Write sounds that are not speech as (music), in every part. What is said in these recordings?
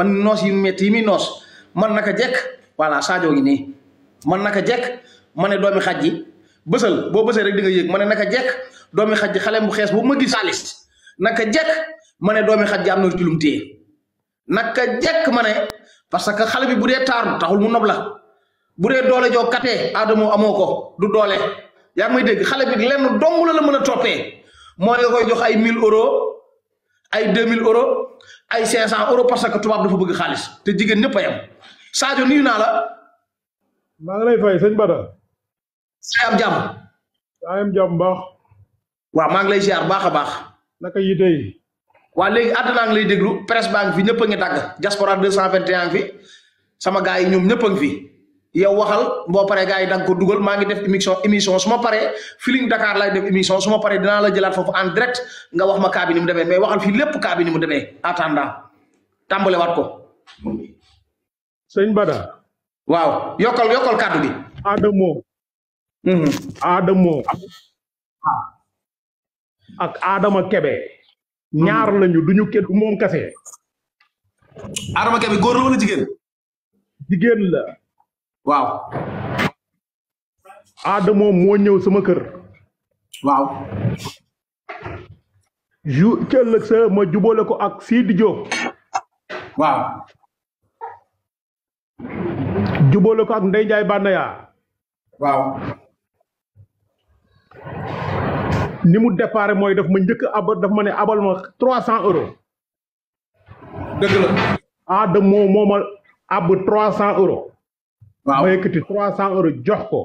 fan nos yi metti mi nos man naka jek wala sajo gi ni man naka jek mané domi xajji xaj bo bësal rek di nga yëg mané naka jek domi xajji xalé xale bu xees bu ma gis xaalis naka jek mané domi xajji amna ji am ci lum naka jek mané parce que xalé bi budé tar taxul mu nob la doole jo katé aadamo amoko du doole ya ngi deg xalé bi lenn dong la la mën a toppee nga koy jox ay 1000 euros ay 2000 euros ay 500 euro parce que tubaab dafa bëgg xaaliss te jigen ñëpp ayam yem Sadio nuyu naa la. ma nga lay fay señ Bada. saa am jàmm. saa am jàmm baax. waaw maa ngi lay ziar baax a baax. naka yi tey. waa léegi àdduna ngi lay déglu press bank fi ñëpp nga tag diaspora 221 fi sama gaay yi ñoom ñëpp a fi. yow waxal boo paree gaa yi da ko dugal maa ngi def émission émission su ma paree Feeling Dakar lay def émission suma pare paree la jëlaat foofu en direct nga wax ma cas bi ni mu demee mais waxal fii lépp cas bi ni mu demee attendant tàmbale waat ko. sëñ Bada. waaw yokkal yokkal kàddu bi. Mhm. Adama Kebe. ñaar mhm. lañu du ñu kenn moom kese. Adama Kebe góor la wala jigéen. jigéen la. waaw. moom moo ñëw sama kër. waaw. ju ci ma jubóole ko ak Sidi Diop. waaw. jubóole ko ak Ndeye Ndiaye Banaya. waaw. ni mu déparé mooy daf ma njëkk ab daf ma ne abal ma trois cent euros. dëgg la. Adamo moo ma ab trois cent euros. waaw ma yëkkati trois cent euros jox ko.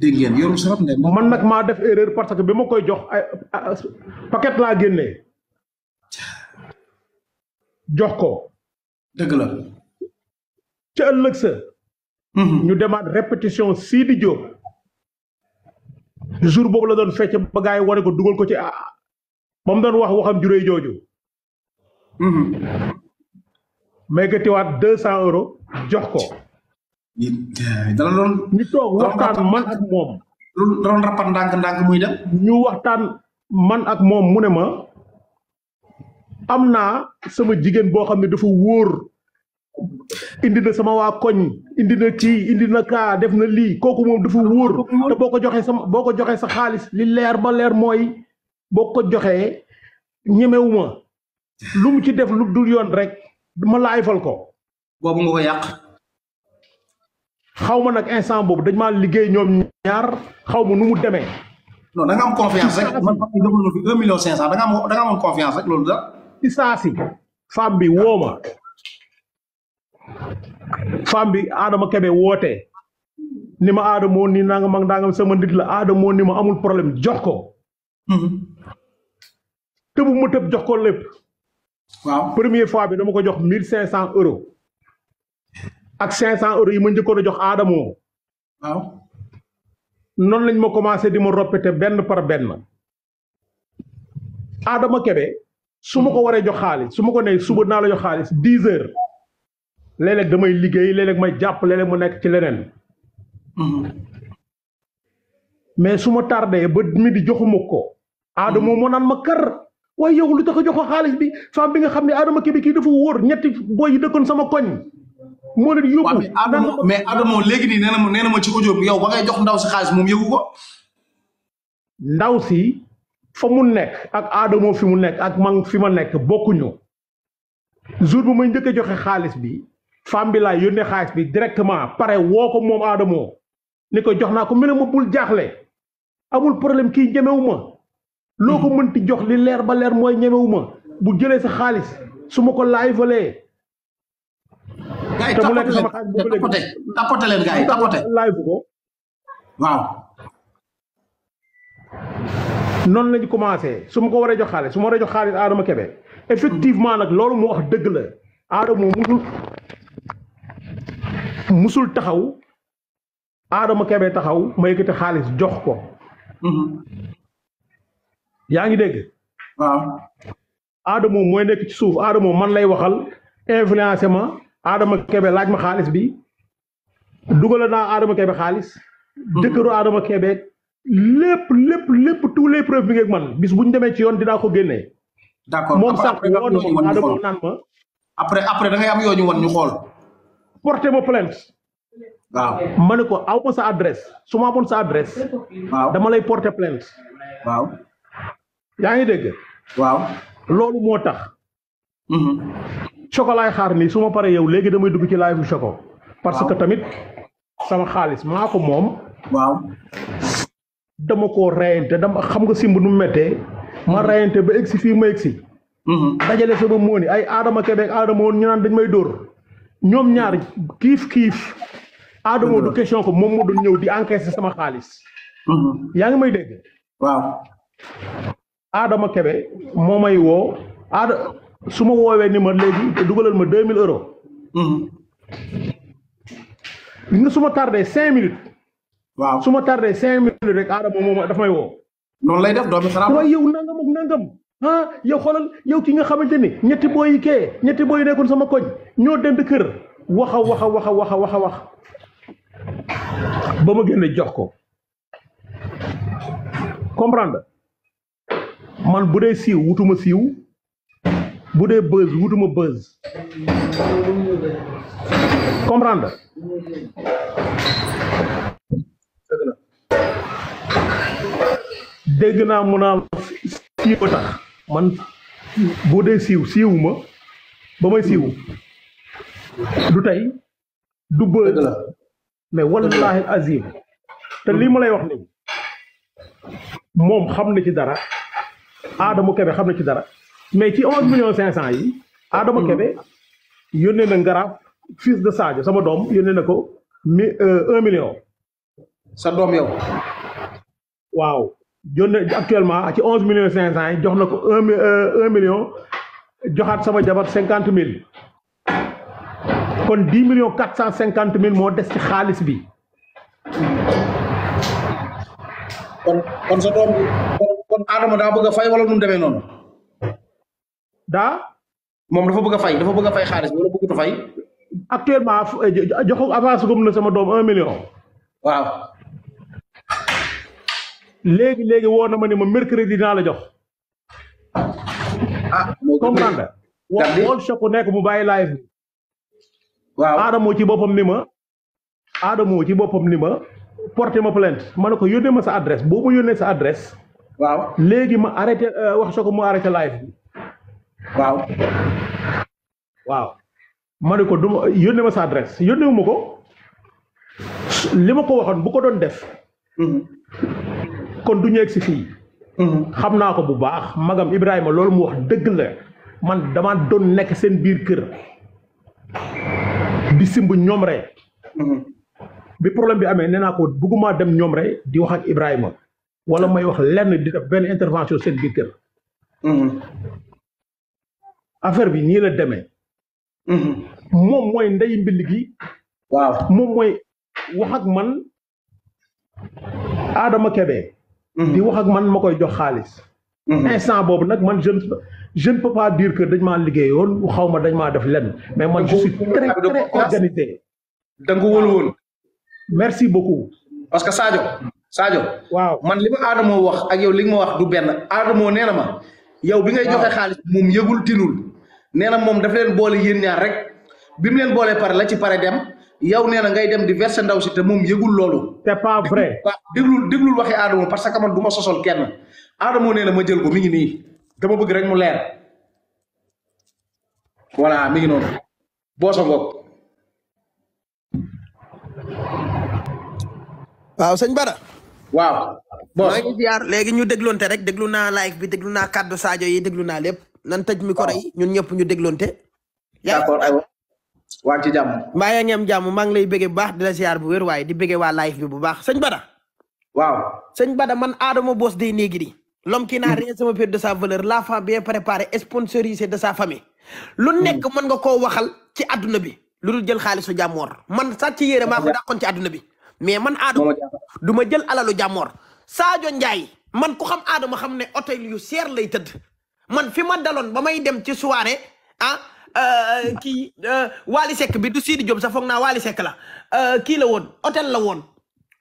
dégg man nag maa def erreur parce que bi ma koy jox ay paquet laa génnee. jox ko. dëgg la. ca ëllëg sa. Mhm. ñu demaat répétition Sidi Diop. jour boobu la doon fecc ba gars yi wane ko dugal ko ci a ba mu doon wax waxam juree jooju. Mhm. ma yëkkatiwaat deux cent euros jox ko. dana doon ñu toog waxtaan man ak moom lu doon rapat ndànk ndànk muy dem ñu waxtaan man ak moom mu ne ma am naa sama jigéen boo xam ne dafa wóor indi na sama waa koñ indi na kii indi na kaa def na lii kooku moom dafa wóor te boo ko sama boo ko sa xaalis li leer ba leer mooy boo ko ñemewuma (laughs) lu mu ci def lu dul yoon rek ma laayfal ko boobu nga ko yàq xaw ma nag instant boobu dañ maa liggéey ñoom ñaar xaw ma nu mu demee. non da nga confiance rek man confiance rek loolu da ci saa si bi woo ma femme bi Adama Kebe wootee ni ma Adama ni nangam ak nangam sama nit la Adama ni ma amul problème jox ko. Mhm. tëbu ma tëb jox ko lépp. waaw première fois bi dama ko jox mille cinq cent euros. ak 500 euros yi ma njëkkoon a jox Adamo. waaw. lañ ma commencé di ma répété benn par benn. Adama Kebe su ma ko waree jox xaalis su ma ko nee suba naa la jox xaalis 10 heures léeg-léeg damay liggéey léeg may jàpp léeg-léeg mu nekk ci leneen. Mhm. mais su ma tardé ba midi joxuma ko. Adama mhm. moo naan ma kar waaye yow lu tax a jox ko xaalis bi femme bi nga xam ne Adama Kebe kii dafa wóor ñetti boy yi dëkkoon sama koñ. moo leen yóbbu. mais Adamo léegi nii nee na ma ma ci audio bi yow ba ngay jox ndaw si xaalis moom yëgu ko. ndaw si fa mu nekk ak Adamo fi mu nekk ak man fi ma nekk bokkuñu jour bu may njëkk a joxe xaalis bi femme bi yónnee xaalis bi directement pare woo ko moom Adamo ni ko jox naa ko mu ne ma bul jaaxle amul problème kii ñemewu loo ko hmm. mënt jox li leer ba leer mooy ñemewu bu jëlee sa xaalis su ma ko laay valee gars yi tapoté leen tapoté leen gars yi tapoté live waaw noonu lañu commencé su ma ko waree jox xaalis su ma waree jox xaalis Adama Kébé effectivement nag loolu mu wax dëgg la Adama musul musul taxaw Adama Kébé taxaw ma yëkkati xaalis jox ko mm-hmm. yaa ngi dégg waaw Adama mooy nekk ci suuf Adama man lay waxal influencé adama kebe laaj ma xaalis bi dugala naa adama kebe xaalis mhm. dëkkëru adama kebe lepp lepp lepp tous les preuves bi man bis buñ démé ci yoon dina ko génnee d'accord mom sax woo na ma adama naan ma après après da ngay am yoñu won ñu xol porter ma plainte waaw ma ne ko aw ma sa adresse suma bon sa adresse waaw dama lay porter plainte waaw yaangi dégg waaw lolu motax hmm Choco xaar nii su ma paree yow léegi damay dugg ci live Choco. parce que tamit sama xaalis maa ko moom. waaw. dama koo reyante dama xam nga simb nu mu méttee. ma mhm. reyante ba egsi fii ma egsi. Mhm. dajale sama mooni ay Adama Kébé Adama woon ñu naan dañ may dóor. ñoom ñaar kiif kiif. Adama du question ko moom moo doon ñëw di encaisser sama xaalis. Mhm. yaa ngi may dégg. waaw. Adama Kébé moo may woo. su ma woowee ni ma léegi dugalal ma deux mille euros. Hmm. nga su ma tardé cinq minutes. waaw su ma tardé cinq minutes rek aadama moom daf may woo. noonu lay def doomi xaraam waaye yow nangam ak nangam ah yow xoolal yow ki nga xamante ni ñetti booy yi kee ñetti booy yi kon sama koñ ñoo dend kër waxa waxa waxa waxa waxa wax ba ma génne jox ko comprendre man bu dee siiw wutuma siiw. bu dee buzz wutuma buzz comprendre dégg naa mu naa siiw a tax man boo dee siiw siiwuma ba may siiw du tey du buzz la mais wallaahi azim te lii ma lay wax nii moom xam na ci dara Adama Kebe xam na ci dara mais ci onze millions cinq cent yi Adama mm. Kebe yónnee na Ngaraaf fils de Sadio sama doom yónnee na ko mi euh, un million sa doom yow waaw yónnee actuellement ci onze millions cinq cent yi jox na ko un euh, un million joxaat sama jabar cinquante mille kon dix millions quatre cent cinquante mille moo des ci xaalis bi kon kon sa doom kon Adama daa bëgg a fay wala nu demee noonu daa. moom dafa bëgg a fay dafa bëgg a fay xaalis wala bëggut a fay. actuellement eh, joxu avance gum na sama doom un million. waaw. léegi léegi woo na ma ne ma mercredi dinaa la jox. ah moo gën comprendre woon choc nekk mu bàyyi live bi. waaw Adamo ci boppam ni ma. Adamo ci boppam ni ma. porté ma plainte ma ne ko yónnee ma sa adresse boo ma yónnee sa adresse. waaw léegi ma arrêté euh, wax choc mu arrêté live waaw. waaw ma ne ko du ma yónnee ma sa adresse yónnee ma ko li ma ko waxoon bu ko doon def. Mm-hmm. kon du ñu si fii. Mm-hmm. xam naa ko bu baax magam Ibrahima loolu mu wax dëgg la man dama doon nekk seen biir kër di simb ñoom rek. Mm-hmm. bi problème bi amee nee naa ko bëgguma dem ñoom rey di wax Ibrahima wala may wax lenn di def benn intervention seen biir kër. affaire bi nii la demee. Mhm. moom mooy ndey mbill gi. waaw moom mooy wax man Adama Kébé. Mhm. di wax ak man ma koy jox xaalis. Mhm. instant boobu nag man je ne je ne peux pas dire que liggéeyoon xaw ma dañ maa def lenn mais man je suis très très ko wóolu beaucoup. parce que Sadio. waaw man li ma wax ak yow li ma wax du benn Adama nee ma. yow bi ngay joxe xaalis moom yëgul tinul. neena mom daf len boole yeen ñaar rek bim len boole par la ci paré dem yow neena ngay dem di verser ndaw ci te mom yegul lolu c'est pas vrai deglul deglul waxe adamo parce que man duma sosol kenn adamo neena ma jël ko mi ngi ni dama bëgg rek mu leer voilà mi ngi non bo sa ngok waaw señ bara waaw bo ngi ziar legi ñu deglonté rek deglu na live bi deglu na cadeau sadio yi deglu na lepp nan tëj micro yi ñun ñëpp ñu dégloonte. d'accord aywa waa ci jàmm. mbaa yaa ngi am maa ngi lay bëggee baax di la ziar bu wér waaye di bëggee waa live bi bu baax sëñ Bada. waaw sëñ Bada man Adama boos day néegi di. l'homme n'a hmm. sama pire de sa valeur l'enfant bien préparé sponsorisé de sa famille. lu hmm. nekk mën nga koo waxal ci adduna bi. lu dul jël xaalisu jàmmoor man sàcc yére maa ko kon ci adduna bi. mais man Adama du ma jël alalu jàmmoor Sadio Ndiaye man ku xam Adama xam ne hôtel yu seer lay tëdd. man fi ma daloon ba may dem ci soirée ah euh, kii euh, Waly Seck bi du Sidi Diop sa foog naa Waly Seck la euh, kii la woon hôtel la woon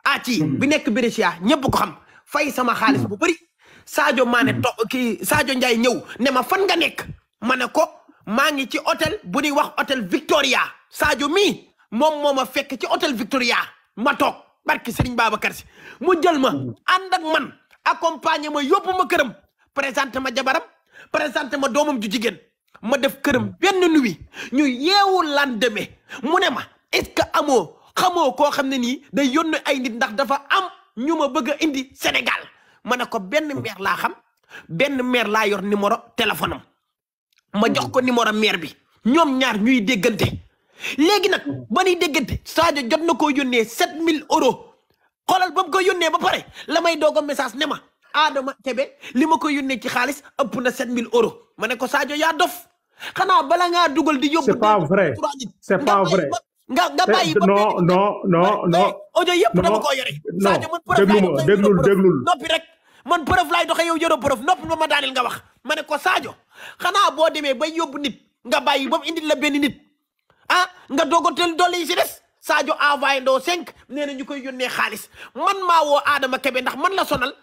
aci ah, hmm. bi nekk Brescia ñëpp ko xam fay sama xaalis hmm. bu bëri Sadio Mané hmm. to ki Sadio Ndiaye ñëw ne ma fan nga nekk ma ne ko maa ngi ci hôtel bu ñuy wax hôtel Victoria Sadio mi moom moo ma fekk ci hôtel Victoria ma toog barki Serigne baaba Si mu jël ma ànd ak man accompagner ma yóbbu ma këram présenté ma jabaram présenté ma doomam ju jigéen ma def këram benn nuit ñu yeewu lendemain mu ne ma est-ce que amoo xamoo koo xam ne nii day yónn ay nit ndax dafa am ñu ma bëgg a indi Sénégal ma ne ko benn meer laa xam benn meer laa yor numéro téléphone am ma jox ko numéro meer bi ñoom ñaar ñuy déggante léegi nag ba ñuy déggante Sadio jot na koo yónnee sept mille euros xoolal ba mu ko yónnee ba pare la may doog a message ne ma adama tebe lima ko yonne ci xaalis ëpp na 7000 euro mané ko Sadio ya dof xana bala nga dugal di yóbbu. c'est pas vrai c'est pas vrai. nga nga bayyi ba non non non non. audio yëpp dama ko yore. Sadio man preuve laay doxee déglul nopi rek man preuve lay doxé yow yoroo preuve nopi ma ma nga wax mané ko Sadio xana bo démé ba yóbbu nit nga bayyi bam indi la ben nit ah nga dogotel doli ci dess des. Sadio envoyé ndo 5 nee ñukoy yonne koy man ma wo Adama Kebe ndax man la sonal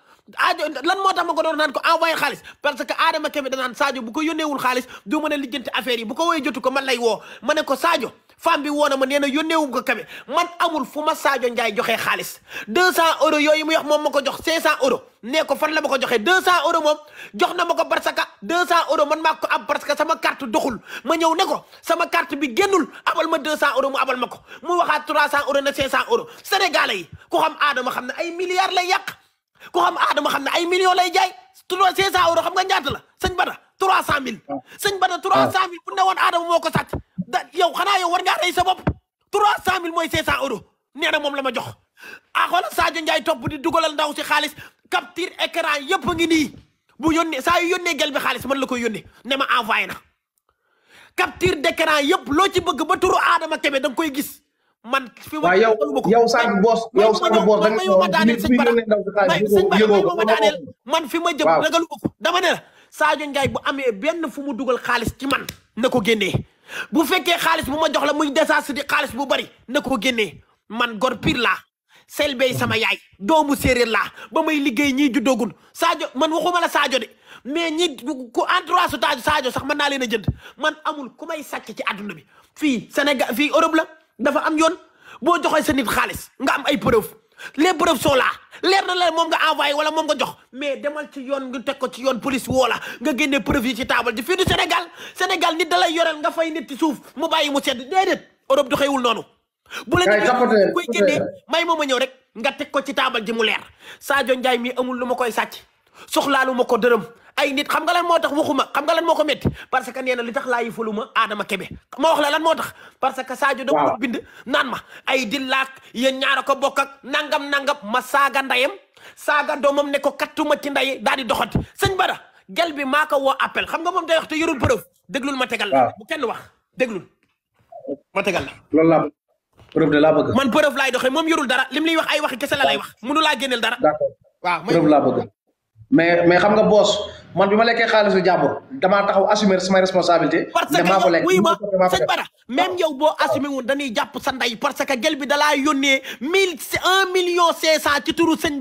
aajo lan moo tax ma ko doon naan ko envoyé xaalis parce que Adama Kébé danaan Sadio bu ko yónneewul xaalis du mën a lijjanti affaire yi bu ko woyee jotu ko man woo ma ne ko Sadio femme bi woo na ma nee na yónneewum ko Kébé man amul fu ma Sadio Ndiaye joxee xaalis 200 euros yooyu mu yox moom ma ko jox 500 euros nee neeko fan la ma ko joxee 200 euros moom jox na ma ko parce que 200 euros man maa am parce que sama carte doxul ma ñëw ne ko sama carte bi génnul abal ma 200 euros mu abal ma ko mu waxaat 300 euros na 500 euros sénégalais yi ku xam Adama xam ne ay milliards lay yàq. ku xam Adama xam ne ay millions lay jaay trois cent euros xam nga ñaata la sëñ Bada trois cent mille ah. sëñ ah. ne woon Adama moo ko sàcc da yow xanaa war ngaa rey sa bopp trois cent mille mooy cinq cent euros nee na moom la ma jox ah xoolal Sadio Ndiaye topp di dugalal ndaw si xaalis capture écran yëpp a ngi nii bu yónnee saa yu yónnee gel bi xaalis man la koy yónnee ne ma envoyé na capture d'écran yëpp loo ci bëgg ba turu Adama Kébé da nga koy gis man fi waaw yow yow sànq boos yow sànq boos da nga ma daaneel sëñ Bara ma ma daaneel man fi ma jëm ragalu ma ko dama ne la Sadio Ndiaye bu amee benn fu mu dugal xaalis ci man na ko génnee bu fekkee xaalis bu ma jox la muy desas di xaalis bu bari na ko génnee man gor pire laa selbey sama yaay doomu séeréer laa ba may liggéey ñii juddoogul Sadio man waxuma a saajo de mais ñi ku entroit su Sadio sax man naa leen a jënd man amul ku may sàcc ci àdduna bi fii Sénégal fii Europe la dafa am yoon boo joxee sa nit xaalis nga am ay preuve les preuves sont là leer na la moom nga envoyé wala moom nga jox mais demal ci yoon nga teg ko ci yoon police woola nga génne preuve yi ci taabal ji fi du Sénégal Sénégal nit da lay yoreel nga fay nit ci suuf mu bàyyi mu sedd déedéet Europe doxewul noonu. bu la ñu koy génnee may moom a ñëw rek nga teg ko ci taabal ji mu leer Sadio Ndiaye mi amul lu ma koy sàcc soxlaa soxlaalu ma ko dërëm. ay nit xam nga lan moo tax waxuma xam nga lan moo ko métti parce que nee na li tax laa yifalu ma Adama Kebe ma wax la lan moo tax parce que Sadio da ko bind naan ma ay di laak yéen ñaara ko bokk ak nangam nangam ma saaga ndayem saaga doomam ne ko kattuma ci nday daal di doxati sëñ Bada gel bi maa ko woo appel xam nga moom day wax te yorul preuve déglul ma tegal la bu kenn wax déglul ma tegal la loolu laa preuve man preuve laay doxee moom yorul dara lim liy wax ay waxi kese la lay wax mënu laa génneel dara waaw preuve laa bëgg mais mais xam nga boos man bi ma lekkee xaalisu jàmbur damaa taxaw assumer samay responsabilité. damaa ko lekk damaa ko bara même yow boo assumé woon dañuy jàpp sa ndey parce que gel bi dalaa yónnee mille un million cinq cent ci turu sëñ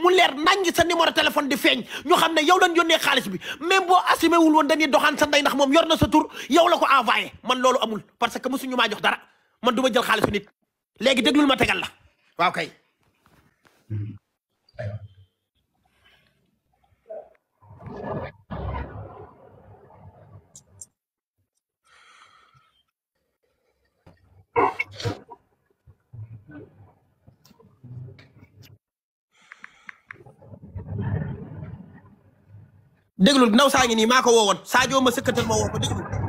mu leer naññ sa numéro téléphone di feeñ ñu xam ne yow dañ yónnee xaalis bi même woon dañuy doxaan sa ndey ndax moom yor na sa tur yow la ko envoyé man loolu amul parce que mosuñu maa jox dara man du ma jël xaalisu nit léegi déglul ma tegal la waaw kay. déglul ndaw saa ngi nii maa ko woowoon Sadio ma sëkkatal ma woo ko deglu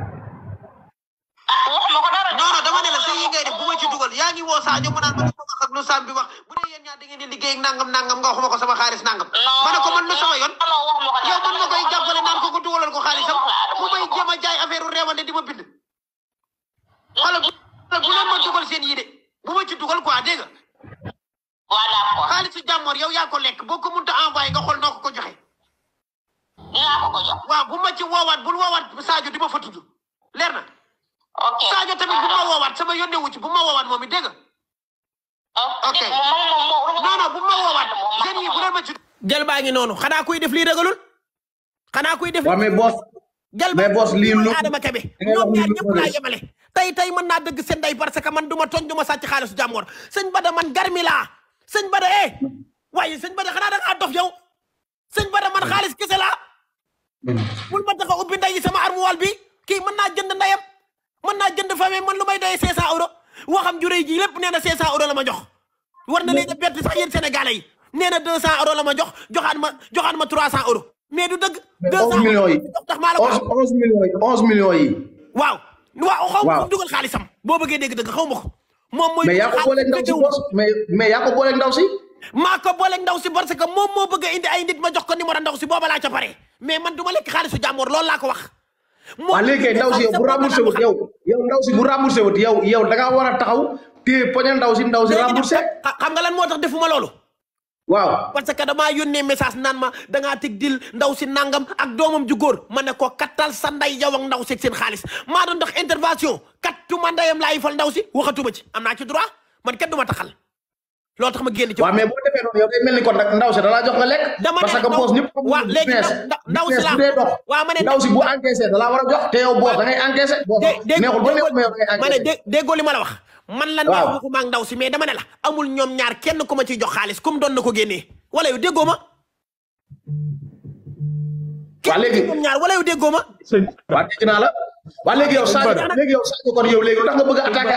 mo sa mu naan ma di wax ak lu Samb bi wax bu dee yéen ñaar nangam nangam ko waxuma ko sama xaalis nangam. ma ne ko man lu sama yoon. yow man mo koy jàppale nan ko ko dugalal ko xaalisam mu may jéem a jaay affaire réewande di ma bind. wala bu leen ma dugal seen yii de bu ma ci dugal ko dégg nga. ko quoi xaalisu jàmmoor yow ya ko lek boko mu ta envoy nga xol noo ko joxe. wa bu ma ci woowaat bul woowaat Sadio di ma fa tudd leer na. ok tamit bu ma wowat sama yonde wu ci bu ma wowat momi it nga ok non non noonu xanaa kuy def lii ragalul xanaa kuy def. waaw mais boss. gel baa ngi noonu Adama Kebe ñoom ñaar yemale. tey tey mën naa dëgg seen day parce que man du ma tooñ du ma sàcc xaalisu jàmmoor sëñ Bada man garmi laa sëñ Bada eh waaye sëñ Bada xanaa da ngaa dof yow sëñ Bada man xaalis kese laa. bul ma taxa ubbi nday sama armoire bi kii mën naa jënd ndayam mën naa jënd famille man lu may doyee 500 euros. waxam ju rëy ji lépp nee na 500 euros la ma jox. war na leen a bett sax yéen sénégalais yi nee na la ma jox joxaat ma joxaat ma 300 euros mais du dëgg. 200 millions yi tax maa la ko 11 waaw. waaw xaw ma dugal xaalisam boo bëggee dégg dëgg xaw ma moom mooy mais yaa ko booleeg ndaw si mais mais yaa ndaw si. maa moom moo bëgg a indi ay nit ma jox ko numéro ndaw si booba laa ca pare mais man du ma lekk xaalisu jàmmoor loolu laa ko wax. waaw léegi kay ndaw si yow bu remboursé wut yow yow ndaw si bu remboursé wut yow yow da ngaa war a taxaw téye poñe ndaw si ndaw si remboursé. xam nga lan moo tax defuma loolu. waaw parce que damaa yónnee message naan ma dangaa tig dil ndaw si nangam ak doomam ju góor ma ne ko kattal sa nday yow ndaw si seen xaalis maa doon dox intervention kattuma ndayam laay fal ndaw si waxatuma ci am naa ci droit man kenn du ma taxal. loolu tax ma génn ci waaw mais boo defee noonu yow day mel ni kon nag ndaw si dalaa jox nga lekk parce ndaw si la ndaw si bu encaissé dalaa war a jox te yow boos da ngay neexul ba neexul mais yow da ngay la wax man la neex waxuma ak ndaw si mais dama ne la amul ñoom ñaar kenn ku ma ciy jox xaalis comme doon na ko génnee wala yow déggoo ma waa léegi ñoom ñaar wala yow déggoo ma waa dégg naa la waa léegi yow Sadio léegi yow Sadio kon yow léegi lu tax nga bëgg a attaqué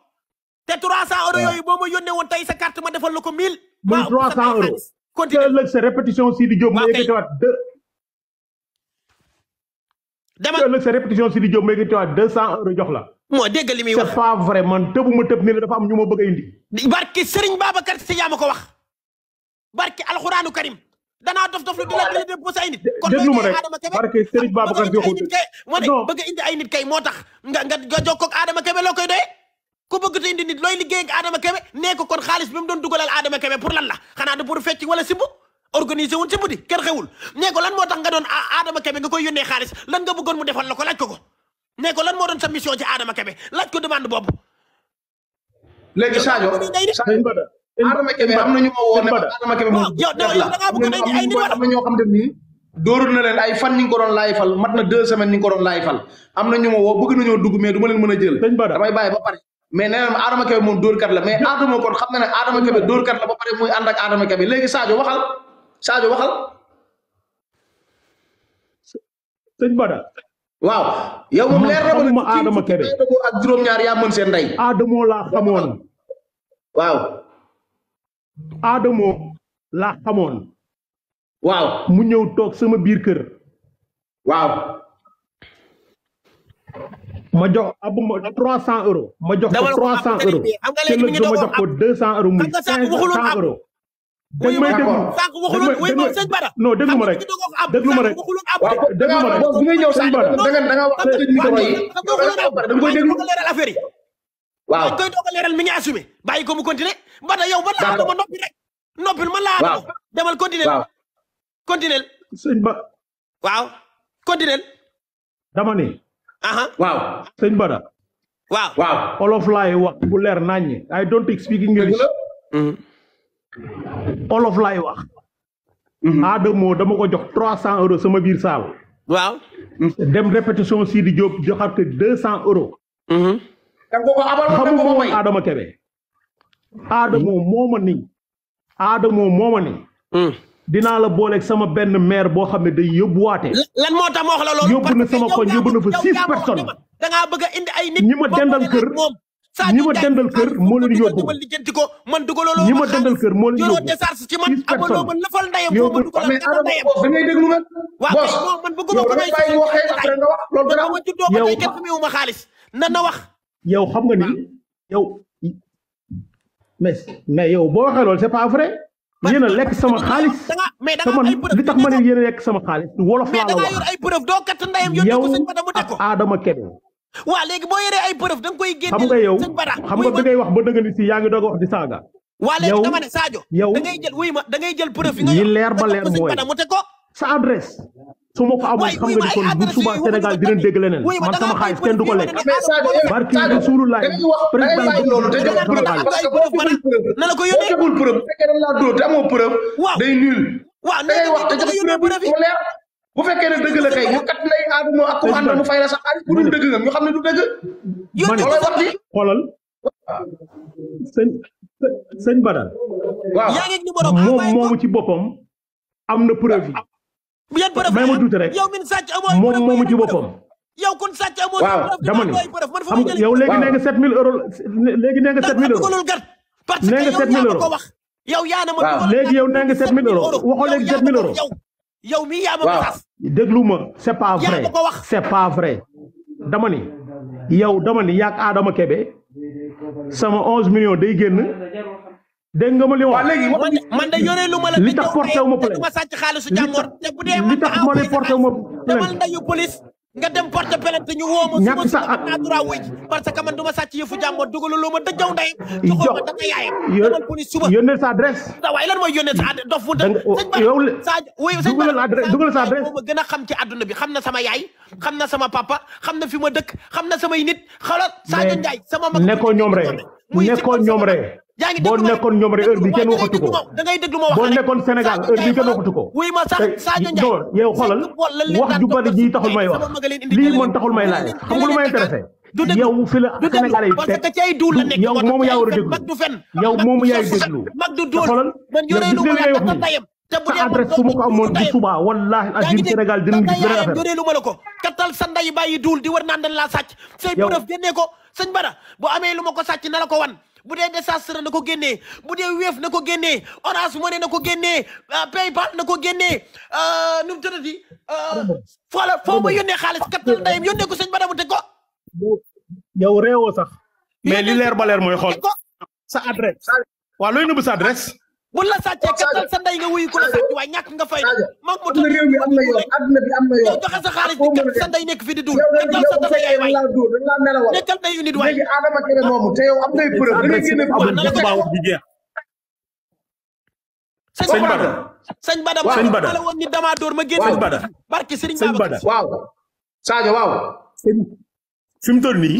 te 300 euros ah. yooyu boo ma yónnee woon tey sa carte ma defal la ko 1000. muy 300 euros continue ëllëg sa répétition Sidi Diop. waaw kay ma yëkkatiwaat deux. dama ëllëg jox la. moo dégg li muy wax c'est pas vrai man tëbu ma tëb ni la dafa am ñu ma bëgg a indi. barki Serigne Babacar Si yaa ma ko wax barki alxuraanu Karim. danaa dof dof lu di la bëgg a def ay nit. kon loolu mooy Adama Kebe parce que ay nit kay moo tax nga nga jokkoo ak Adama Kebe loo ko bëgg te indi nit looy liggéey ak Adama Kebe nee ko kon xaalis bi mu doon dugalal Adama Kebe pour lan la xanaa du pour fecc wala simbu organisé wun simbu kenn xewul nee ko lan moo tax nga doon ah, Adama Kebe nga koy yónnee xaalis lan nga la ko laaj ko ko nee ko lan moo doon am na ñu ma woo ne Adama Kebe moom. yow da ngaa bëgg dañ na ñoo ko doon laay fal mat na deux semaines ni nga ko doon laay na ñu ma woo bëgg nañoo dugg mais du leen mën a jël. damay bàyyi ba pare mais nee na Adama Kebe moom dóorkat la mais Adama kon xam ne Adama Kebe dóorkat la ba pare muy ànd ak Adama Kebe léegi Sadio waxal Sadio waxal. sëñ Bada. waaw ma ne Adama seen ndey. Adamo laa xamoon. waaw. Adamo laa xamoon. waaw mu ñëw toog sama biir kër. waaw. ma jox abu ma trois cent euros. ma jox ko trois cent euros. te léegi ma jox ko deux cent euros muy cinq cent euros. dañ may déglu dañ may dañ may non déglu ma rek déglu ma rek déglu ma rek bi ngay ñëw sëñ Bada da nga da nga wax tëj micro yi da nga koy déglu waaw dañ koy doog a leeral mi ngi assumé bàyyi ko mu continuer Bada yow ba laa ma noppi rek noppil ma laa demal continuer continuer sëñ Ba waaw continuer dama ni aha wow, sëñ Bada wow, wow, of laay wax bu leer nañ. I don't speak English mhm. of laay wax mhm. Adamo dama ko jox 300 euros sama bir wow, Wow. dem répétition di job, joxat 200 euros. cent euros mhm. danga ko abal ko moom Adama Kebe Adamo moma ni Adamo moma ni dinaa la booleeg sama benn maire boo xam ne day yóbbuwaate. lan moo tax ma wax la loolu. yóbbu na sama koñ yóbbu na fa six personnes. da ngaa bëgg a indi ay nit ñi ma dendal kër. ñi ma dendal kër moo leen yóbbu. ñi ma dendal kër moo leen yóbbu. six personnes yow da ngay déglu nag. boos yow da ngay bàyyi waxee après nga wax loolu dana wax. yow xam nga ni yow mais yow boo waxee loolu c'est pas vrai. yéen a lekk sama xaalis mais da nga li tax ma ne yéen lekk sama xaalis wolof laa la wax mais da ay preuve doo kat ndayam yónni ko sëñ Bada mu teg ko yow Adama Kebe waa léegi boo yoree ay preuve da koy génne xam nga yow xam nga da ngay wax ba dëgg ni si yaa ngi doog wax di saaga waa léegi dama ne Sadio yow da ngay jël wuy ma da ngay jël preuve yi leer ba leer mooy sa adresse su ma ko amul xam nga ni kon bu subaa Sénégal dinañ dégg leneen man sama xaalis kenn du ko lekk barki Rasulullah président bi loolu te jox preuve tegul preuve fekkee dañ laa dóor te wax te jox preuve bu bu fekkee ne dëgg la kay ñu kat lay aaduma ak ko ànda nu fay la sax xaalis bu dul dëgg nga ñu xam ne du dëgg loolay wax bi xoolal sëñ sëñ Badal moom moomu ci boppam am na preuve yan preuve may ma tuuti rek yow min sàcc amoo moom moomu ci boppam yow kon dama ne xam nga yow léegi nee nga 7000 euros léegi nee nga 7000 euros yow yaa ma léegi yow nee nga 7000 euros waxoo léegi 7000 euros yow mii yaa ma déglu ma c'est pas vrai c'est pas vrai dama ni yow dama ni yaak Adama Kebe sama 11 millions day génn dégg nga ma li wax man de yore lu ma la li tax porté wu ma ah, plainte ma sàcc xaalisu jàmmoor te bu dee man tax ma ne porté wu ma plainte ndayu police nga dem porté plainte ñu woo ma ñàkk sax ak naa droit wuy ji parce que man du ma sàcc yëfu jàmmoor dugalu lu ma dëjjaw ndey joxoo ma daka yaayam demal police suba yónnee sa adresse sa waay lan mooy yónnee sa adresse dof fu dëgg sëñ dugal sa adresse ma gën a xam ci àdduna bi xam na sama yaay xam na sama papa xam na fi ma dëkk xam na samay nit xalaat Sadio Ndiaye sama mag nekkoo ñoom rek nekkoo ñoom rek yaa ngi déglu boo nekkoon ñoom rek heure bi kenn waxatu ko da nekkoon Sénégal heure bi kenn waxatu ko wuy ma sax Sadio Ndiaye non xoolal wax ju bari ji taxul may wax lii moom taxul may laaj xam nga lu ma intéressé du déglu yow fi la yi teg yow moomu yaa war a déglu yow moomu yaay déglu te xoolal yow ma ko sa duul di war naan dañ laa sàcc say preuve ko sëñ Bara bu amee lu ma ko sàcc na la ko wan bu dee désastre na ko génnee bu dee Wave na ko génnee Orange Money na ko génnee euh, Paypal na ko génnee euh, nu mu tëddati. Euh, foola foo ma yónnee xaalis kattan ndeyam yónnee ko sëñ Bada mu teg ko. yow réewoo sax. mais li leer ba leer mooy xool. sa wa waaw na nëbb sa adresse. bu la sàccee kattan sa ndey nga wuyu ko la sàcc waaye ñàkk nga fay de. mag mu toll réew mi am na yoon adduna bi am na yoon. joxe sa xaalis di kat sa ndey nekk fi di dul. te dal sa dafa yaay waay am ngay preuve da ngay génne waaw na la ko sëñ Bada sëñ Bada sëñ Bada ma génn. Bada waaw Sadio waaw. fi nii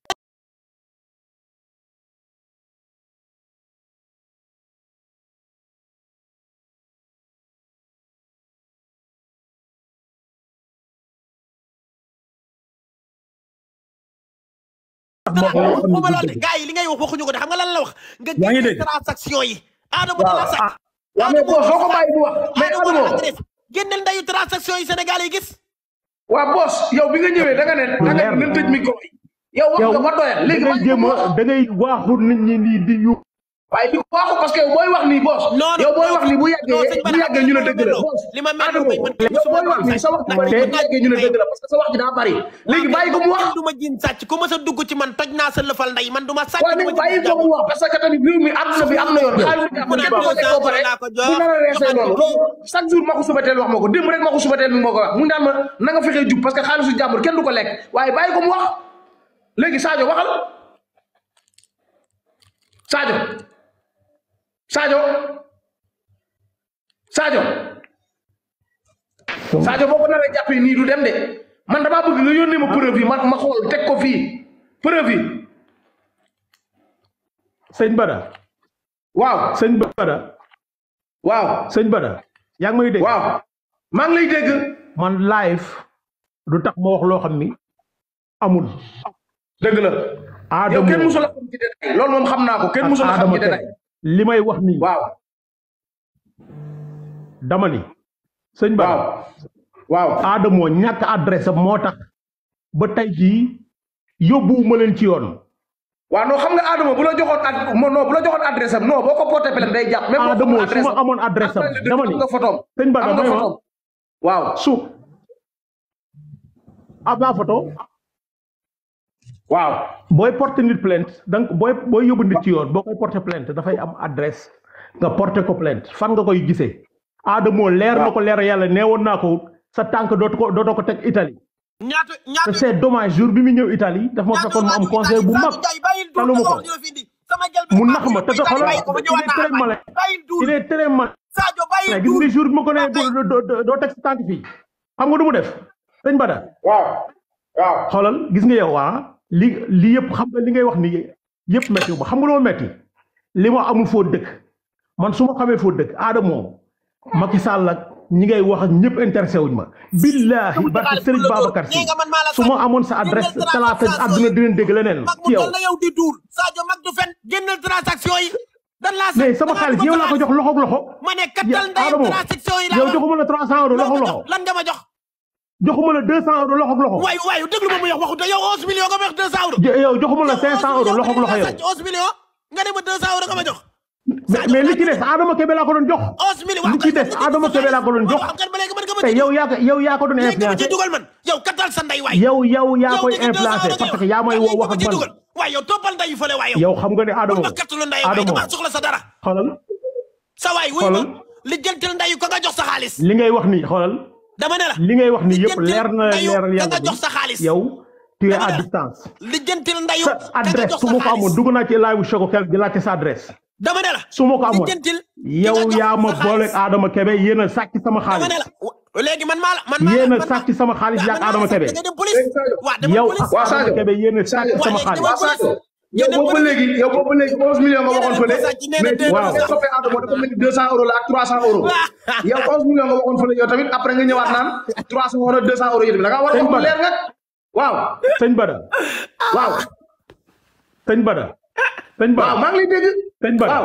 waxuma loolu de gars yi li ngay wax waxuñu ko de xam nga lan la wax nga génne transaction yi Adamo a la sax Adamo soo ko bàyyi bu wax a Adamo génneel ndayu transaction yi Sénégal yi gis waa boss yow bi nga ñëwee daga nga ne da nga ne tëj micro yi yow wax nga ba doyal léegi da ngay jéem a da ngay ñi nii di yu waaye di ko waxu parce que booy wax ni boss yow booy wax ni bu yàggee bu yàggee ñu ne dëgg la boss mel mooy man yow booy wax ni sa wax bu yàggee ñu ne dëgg la parce que sa wax ji daa bari léegi bàyyi ko mu wax du ma jin sàcc ma sa dugg ci man toj sa lëfal ndey man du ma ko mu wax parce que mi bi bu ko ko pare bu chaque jour ma ko wax ma ko rek ma ko subateel wax mu ma na nga fexee jub parce que xaalisu jàmbur kenn du ko lekk waaye bàyyi ko mu wax Sadio waxal Sadio Sadio Sadio Sadio boko na la jappé ni du dem dé. man dama bëgg nga yónnee ma preuve yi ma ma xol tek ko fi. preuve yi. Seigne Bada. waaw Seigne Bada. waaw Seigne Bada. yaa ngi may dégg waaw Ma ngi lay dégg. man live du tax mo wax lo xamni amul. dëgg la. Adam. yow kenn musula ko ci détail Lool mom xamna ko kenn musula xam ci détail li may wax nii. waaw. dama ni. sëñ Ba. waaw waaw. Adamo ñàkk adresse moo tax ba tey jii yóbbuwuma leen ci yoon. waaw no xam nga Adamo bu la joxoon ad non bu la joxoon adresse am non boo ko porté plainte day jàpp. même Adamo su ma amoon adresse am dama ni Ba damay wax waaw su. am naa photo. waaw booy porter nit plainte donc booy booy yóbbu nit ci yoon boo koy porter plainte dafay am adresse nga porter ko plainte fan nga koy gisee. moo leer na ko leer yàlla woon naa ko sa tànk dootu ko dootoo ko teg itali ñaata ñaata c'est dommage jour bi mu ñëw Italie daf ma fekkoon ma bu mag taluma ko mu nax ma te doxaloo il est très malin il gis nga jour ko nee doo teg sa tànk fii xam nga du mu def sëñ Bada. waaw waaw gis nga yow ah. li li yëpp xam nga li ngay wax ni yëpp métti ba xam nga loolu métti li ma amul foo dëkk man su ma xamee foo dëkk aadamoo Macky Sall ak ñi ngay wax ak ñëpp intéressé wuñ ma billaahi barke Serigne Babacar Sy su ma amoon sa adresse talaata àdduna dinañ dégg leneen ci yow Sadio mag du fen génnal transaction yi dan laa mais sama xaalis yow laa ko jox loxoog loxo ma ne kattal ndey transaction yi yow joxuma la 300 euros loxoog lan nga ma jox joxuma la 200 euros loxo ak loxo. waay waay déglu ma mu wax waxu te yow 11 millions nga ma wax 200 euros. yow joxuma la 500 euros loxo ak loxo yow. 11 millions nga ne ma 200 euros nga ma jox. mais li ci des Adama Kébé laa ko doon jox. 11 millions waaw li ci des Adama Kébé laa ko doon jox. te yow yaa ko yow yaa ko doon influencé. yow kattal sa ndey waay. yow yow yaa koy influencé parce que yaa may woo wax ak man. waay yow toppal ndeyu fële waay yow. yow xam nga ne Adama Adama soxla sa dara. xoolal. sa waay wuy ma li jëntal ndeyu ko nga jox sa xaalis. li ngay wax nii xoolal dama ne la li ngay wax ni yëpp leer na leeral yàlla bi jox sa xaalis yow tu es à distance lijjantil ndayu sa adresse su ma ko amoon dugg naa ci live Choco Kebe di laajte sa adresse dama la su ma ko amoon yow yaa ma booleeg Adama Kebe yéen a sàcc sama xaalis dama léegi man maa man yéen a sàcc sama xaalis yaag Adama Kebe yow ak a sama xaalis yow boobu ba léegi yow boobu ba léegi onze millions nga waxoon fële mais waaw nga soppee entre moo dafa mel ni deux cent euros la ak trois cent euros (laughs) yow onze millions nga waxoon fële yow tamit après nga ñëwaat naan trois cent euros deux cent euros yow tamit da ngaa war a wax leer nag waaw sëñ Bada waaw sëñ Bada sëñ Bada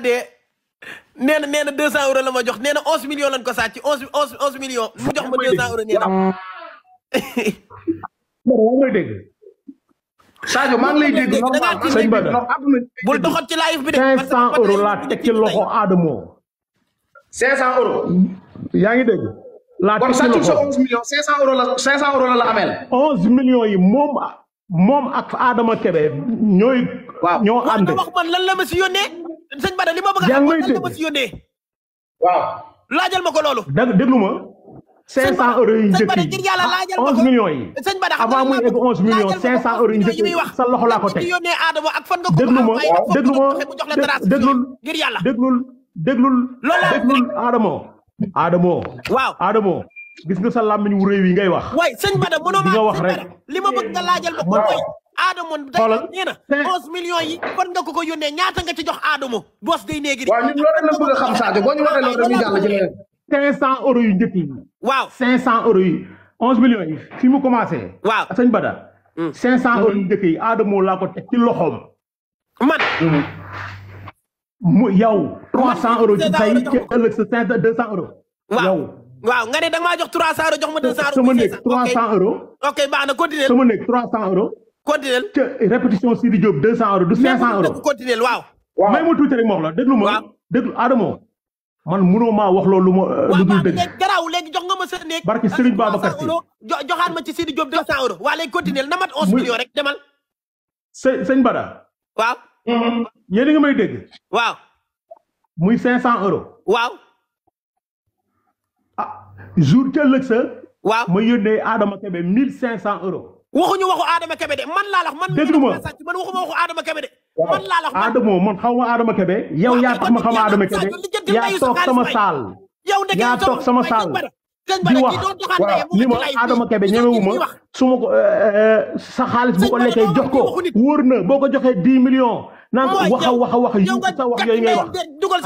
waaw nee na nee na 200 euros la ma jox nee na 11 millions lañ ko sàcc ci 11 11 11 jox ma 200 euros nee na. non (laughs) lay dégg. Sadio maa ngi lay dégg. sëñ Bada ngi dégg. laa teg ci loxo kon 11 millions 500 euros la 500 euros la yi moom ak Adama Kebe ñooy. ñoo ànd la ma si sëñ Bada li ma bëgg a xam nga ma si yónnee. waaw. laajal ma ko loolu. dégg déglu ma. 500 euros yi njëkk yi 11 millions yi. sëñ Bada avant muy egg 11 millions 500 euros yi njëkk yi sa loxo laa ko teg. déglu ma déglu ma déglul déglul déglul. déglul Adamo. Adamo. waaw Adamo. gis nga sa làmmiñ wu réew yi ngay wax. waay sëñ Bada mënoo maa di nga wax rek li laajal ma Adamo xoolal nee na 11 millions nga ko ko yónnee ñaata nga ci jox Adamo boos day néegi waaw ñun loolu boo ñu waxee loolu euros yu njëkk yi. waaw 500 euros yi 11 millions yi fi mu commencé. waaw sëñ Bada. 500 hmm. hmm. euros yu njëkk yi Adamo laa ko teg ci loxoom. man. Hmm. mu yow. 300 euros ci tey ci ëllëg sa 500 nga ne da nga maa jox 300 euros jox ma 200 euros. sama nekk 300 euros. ok baax na continuer sama euros. continuel répétition Sidi Diop 200 euros du 500 euros mais continuel waaw. waaw may ma tuuti rek ma wax la déglu ma. Adamo man munoo maa wax lu ma. lu dul dëgg waaw garaaw léegi jox nga ma sa néeg. barki Serigne Babacar Si joxaat ma ci Sidi Diop 200 euros waa léegi continuel na mat 11 millions rek demal. së sëñ waaw. Mm-hmm. yéen a ngi may dégg. waaw. muy 500 euros. waaw. ah jour ca lëg sa. waaw ma yónnee Adama Kébé 1500 euros. waxuñu waxu Adama Kebe de man laa la wax man. déglu ma man waxuma waxu Adama Kebe de. man laa la wax Adama man xaw ma Adama Kebe. yow yaa tax ma xam Adama Kebe yaa toog sama saal. yow da yaa toog sama saal. di wax waaw li ma Adama Kebe ñemewu ma su ma ko eh, eh, eh, sa xaalis bu ko lekkee jox ko wóor na boo ko joxee dix million naan wax a wax wax yu sa wax yooyu ngay wax.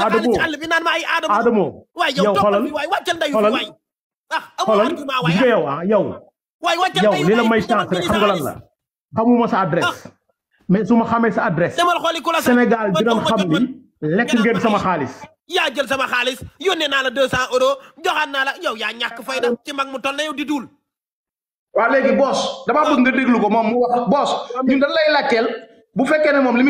Adamo Adamo yow xoolal xoolal ah, xoolal ah. yow ah yow. yow li la may chance rek xam nga lan la xamuma sa adresse ah. mais su ma xamee sa adresse Sénégal dinañ xam ni lekk ngeen sama xaalis. yaa jël sama xaalis yónnee naa la 200 euros joxaat naa la yow yaa ñàkk fayda ci mag mu toll na di duul. waa léegi boos ko moom mu wax boos ñun dañ lay laajteel bu fekkee ne moom li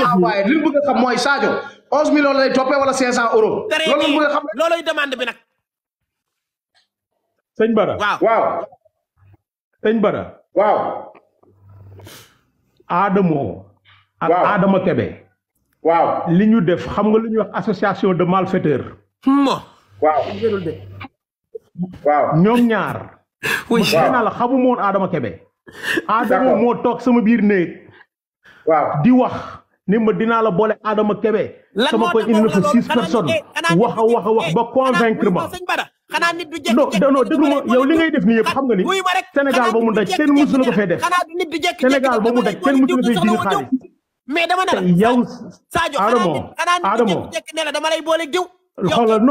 a xam mooy Sadio 11 millions lay toppee wala 500 euros. loolu la a xam looloy demande bi nag. sëñ Bara. waaw waaw. Bara. waaw. Adamo. ak Adama Kebe. li ñu def xam nga lu ñuy wax association de malfaiteurs. mo waaw. waaw ñoom ñaar. oui naa la xamu moon Adama Kebe. Adama moo toog sama biir néeg. waaw di wax ni ma dinaa la boole Adama Kebe. sama koy indi fa six personnes. Eh, wax a wax ba eh, convaincre ma. xanaa nit du jékki-jékki non non déglu ma yow li ngay def nii yëpp xam nga ni Sénégal ba mu daj kenn mësuñu fee def Sénégal ba mu daj kenn mësuñu fee jiw xaalis mais dama ne la yow Sadio Adamo Adamo